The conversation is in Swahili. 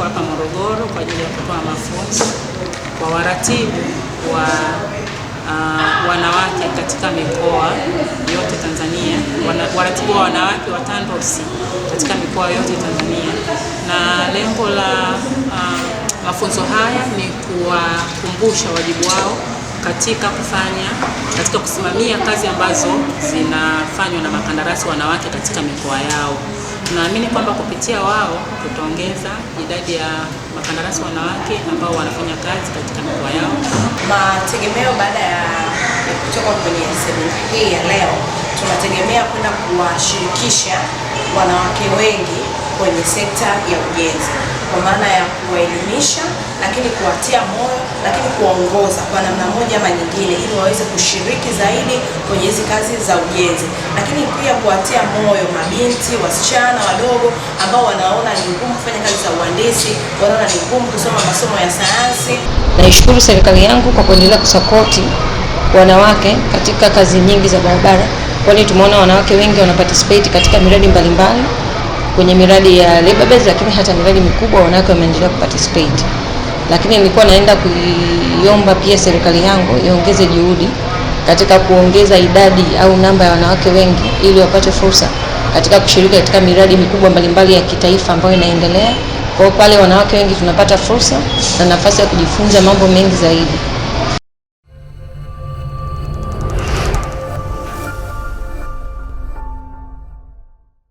tuko hapa Morogoro kwa ajili ya kutoa mafunzo kwa waratibu wa uh, wanawake katika mikoa yote Tanzania, wana, waratibu wa wanawake wa TANROADS katika mikoa yote Tanzania, na lengo la uh, mafunzo haya ni kuwakumbusha wajibu wao katika kufanya katika kusimamia kazi ambazo zinafanywa na makandarasi wanawake katika mikoa yao. Tunaamini kwamba kupitia wao tutaongeza idadi ya makandarasi wanawake ambao wanafanya kazi katika mikoa yao. Mategemeo baada ya kutoka kwenye semina hii ya leo, tunategemea kwenda kuwashirikisha wanawake wengi kwenye sekta ya ujenzi kwa maana ya kuwaelimisha, lakini kuwatia moyo, lakini kuwaongoza kwa namna moja ama nyingine, ili waweze kushiriki zaidi kwenye hizi kazi za ujenzi, lakini pia kuwatia moyo mabinti, wasichana wadogo ambao wanaona ni ngumu kufanya kazi za uhandisi, wanaona ni ngumu kusoma masomo ya sayansi. Naishukuru serikali yangu kwa kuendelea kusapoti wanawake katika kazi nyingi za barabara, kwani tumeona wanawake wengi wanaparticipate katika miradi mbalimbali mbali kwenye miradi ya labor lakini hata miradi mikubwa wanawake wameendelea kuparticipate. Lakini nilikuwa naenda kuiomba pia serikali yangu iongeze juhudi katika kuongeza idadi au namba ya wanawake wengi ili wapate fursa katika kushiriki katika miradi mikubwa mbalimbali ya kitaifa ambayo inaendelea. Kwa hiyo pale wanawake wengi tunapata fursa na nafasi ya kujifunza mambo mengi zaidi.